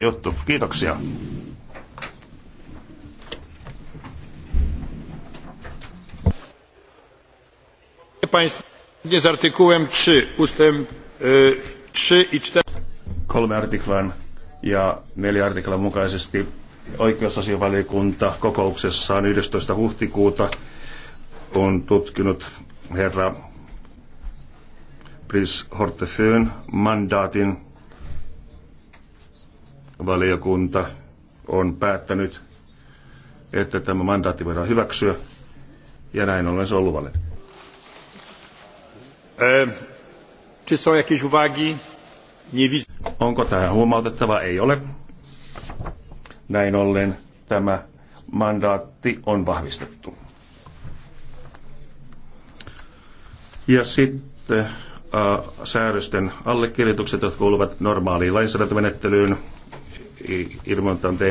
juttu. Kiitoksia. Zgodnie z artykułem 3 ustęp 3 i 4 kolme artiklan ja neljä artiklan mukaisesti oikeusasiavaliokunta kokouksessaan 11. huhtikuuta on tutkinut herra Pris Hortefön mandaatin valiokunta on päättänyt, että tämä mandaatti voidaan hyväksyä, ja näin ollen se on luvallinen. E, Onko tähän huomautettava? Ei ole. Näin ollen tämä mandaatti on vahvistettu. Ja sitten äh, säädösten allekirjoitukset, jotka kuuluvat normaaliin lainsäädäntömenettelyyn ilmoitan teille.